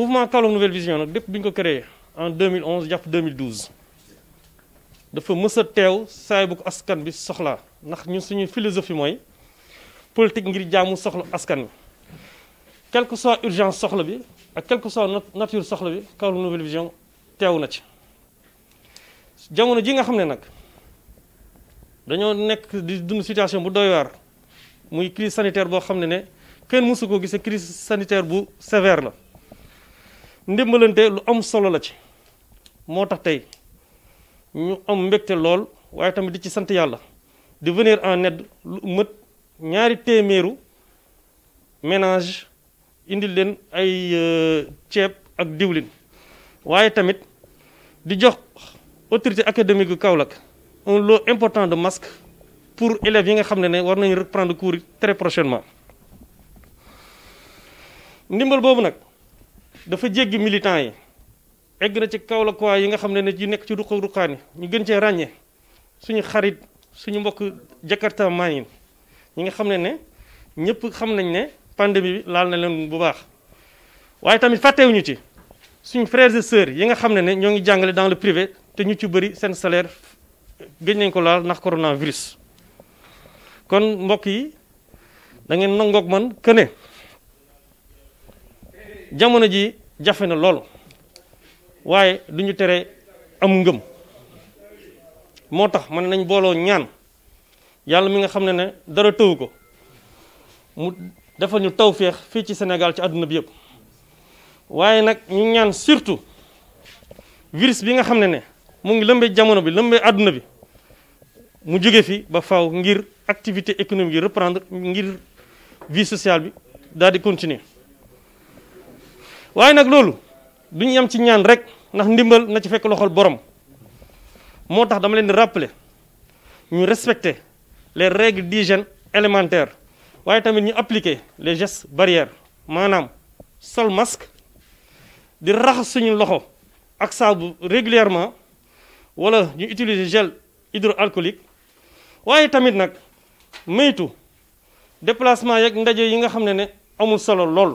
mouvement Kaolack nouvelle vision nag lépp ko créé en 2011 jàpp 2012 dafa mës a teew bu ko askan bi soxla ndax ñun suñu philosophie mooy politique ngir jaamu soxla askan bi quelle que soit urgence soxla bi ak quelle que soit nature soxla bi Kaolack nouvelle vision teew na ci jamono ji nga xam ne nag dañoo nekk di dund situation bu doy waar muy crise sanitaire boo xam ne ne kenn mësu ko gisee crise sanitaire bu sévère la ndimbalante lu am solo la ci moo tax tey ñu am mbégte lool waaye tamit di ci sant yàlla di venir en aide lu mët ñaari téeméeru ménage indil leen ay euh, ceeb ak diwlin waaye tamit di jox autorité académique gu Kaolack un lot important de masques pour élèves yi nga xam ne ne war nañu reprendre cours très prochainement ndimbal boobu nag dafa jéggi militant yi egg na ci kaw la quoi yi nga xam ne ne ji nekk ci ruqa ruqaani ñu gën cee ràññee suñu xarit suñu mbokk jakarta maayin ñi nga xam ne ne ñëpp xam nañ ne pandémie bi laal na leen bu baax waaye tamit fàttewuñu ci suñu fraise et sœurs yi nga xam ne ne ñoo ngi jàngale dans le privé te ñu ci bëri seen salaire gëj nañ ko laal ndax coronavirus kon mbokk yi da ngeen nangoog man que jamono ji jafe na loolu waaye du ñu tere am ngëm moo tax ne nañ booloo ñaan yàlla mi nga xam ne ne dara tëw ko mu defal ñu tawféex fii ci Sénégal ci àdduna bi yëpp waaye nag ñu ñaan surtout virus bi nga xam ne ne mu ngi lëmbee jamono bi lëmbee àdduna bi mu jóge fi ba faaw ngir activité économique yi reprendre ngir vie sociale bi daal di continuer waaye nag loolu duñu yem ci ñaan rek ndax ndimbal na ci fekk loxol borom moo tax dama leen di rappeler ñu respecter les règles d'hygiène élémentaire waaye tamit ñu appliquer les gest barrières maanaam sol masque di raxas suñu loxo ak saabu régulièrement wala ñu utiliser gel hydroalcoolique waaye tamit nag moytu déplacement yeeg ndaje yi nga xam ne ne amul solo lool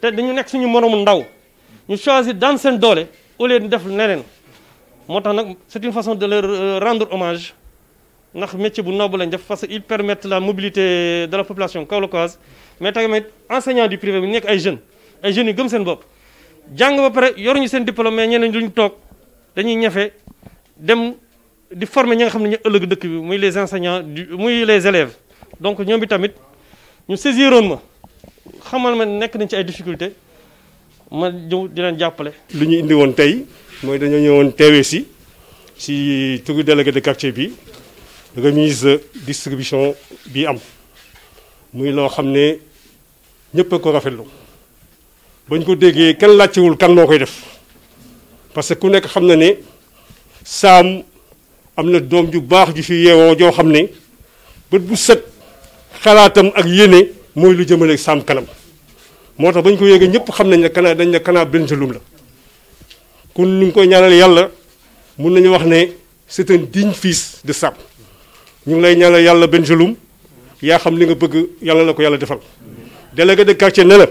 té dañu nek suñu morom ndaw ñu choisir dans sen dolé au lieu de def nenen motax nak c'est une façon de leur euh, rendre hommage ndax métier bu noble lañ def parce que ils permettent la mobilité de la population kaolackoise mais tamit enseignant du privé bi ay jeunes ay jeunes yu gëm sen bop jang ba paré pare ñu sen diplôme mais ñeneen duñu tok dañuy ñafé dem di former ñi nga xamni ne dëkk bi muy les enseignants muy les élèves donc ñom bi tamit ñu saisiroon ma xamal ma nekk nañ ci ay difficulté ma ñëw di leen jàppale. lu ñu indi woon tey mooy dañoo ñëwoon teewee si si turu délégué de quartier bi remise distribution bi am muy loo xam ne ñëpp a ko rafetlu bañ ko déggee kenn laajtewul kan moo koy def parce que ku nekk xam na ne saam am na doom ju baax ju fi yeewoo joo xam ne bët bu set xalaatam ak yéene. mooy lu jëmale saam kanam moo tax ba ñu ko yéegee ñëpp xam nañ ne Kana dañ ne Kana Bengelloun la kon ñu ngi koy ñaanal yàlla mun nañu wax ne c'est un digne fils de Sam ñu ngi lay ñaanal yàlla Bengelloun yaa xam li nga bëgg yàlla la ko yàlla defal. délégué de quartier ne la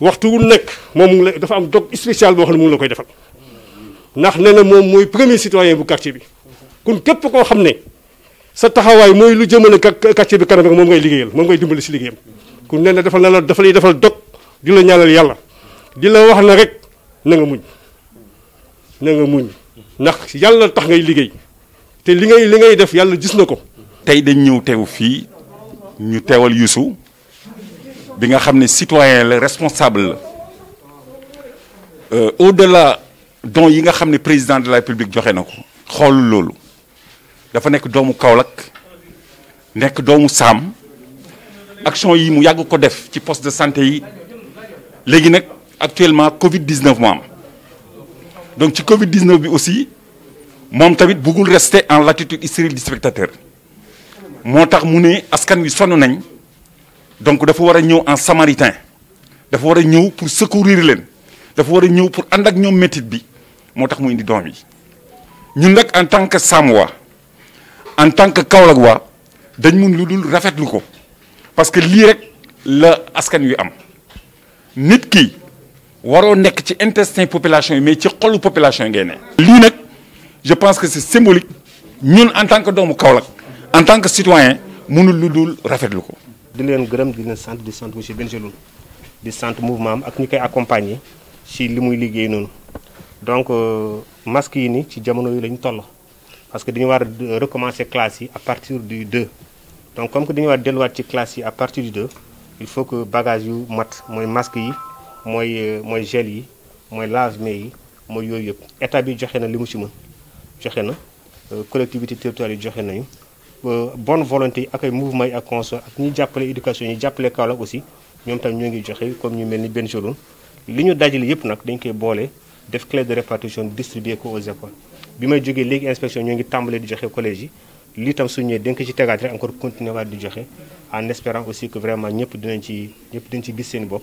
waxtu wu nekk moom mu ngi lay dafa am dog spécial boo xam ne mu ngi la koy defal ndax ne na moom mooy premier citoyen bu quartier bi kon képp koo xam ne. sa taxawaay mooy lu ka quartier bi kanam rek moom ngay liggéeyal moom ngay dimbali si liggéeyam ku ne na defal na la dafa lay defal dog di la ñaanal yàlla di la wax na rek na nga muñ na nga muñ ndax yàlla tax ngay liggéey te li ngay li ngay def yàlla gis na ko tey dañ ñëw teew fii ñu teewal Youssou bi nga xam ne citoyen la responsable la euh, au-delà don yi nga xam ne président de la République joxe na ko xool loolu dafa nek doomu kaolak nek doomu sam action yi mu yàgg ko def ci poste de santé yi léegi nak actuellement Covid 19 moo am donc ci Covid 19 bi aussi moom tamit bugul rester en latitude stérile du spectateur motax tax mu askan wi sonu nañ donc dafa war a ñëw en samaritain dafa war a ñëw pour secourir leen dafa war a ñëw pour ànd ak ñoom métit bi motax tax mu indi doom yi ñun nak en tant que samois en tant que Kaolagwa, nous dañ mun lu dul parce que lii rek la askan wi am nit ki waro nekk ci intestin population mais ci xolu population yi ngay je pense que c'est symbolique ñun en tant que doomu Kaolag, en tant que citoyen mënul nous dul rafetlu ko. di leen gërëm di leen sant di sant monsieur Bengeloun di centre mouvement am ak ñi koy accompagner ci li muy liggéey noonu donc euh, masques yi ni ci jamono yi parce que dañu war recommencer classe yi à partir du 2 donc comme que dañu war a delluwaat ci classe yi à partir du 2 il faut que bagage yu mat moy masque yi moy euh, moy gel yi moy lave-mains yi moy yoy yëpp état bi joxé na limu ci mën joxé na euh, collectivité territoriale joxé nañu euh, bonne volonté yi ak ay mouvement à ak constat ak ñi jappalé éducation ñi jàppale Kaolack aussi ñom tam ñoo ngi comme ñu melni ben benn liñu li ñu nak dañ koy bolé def clé de répartition distribuer ko aux écoles bima may jógee inspection ñoo ngi tambalé di joxé collège yi lii tam suñu ñëwee dañ ci tégaat rek encore continuer wa di joxé en espérant aussi que vraiment ñëpp dinañ ci ñëpp dinañ ci gis seen bopp.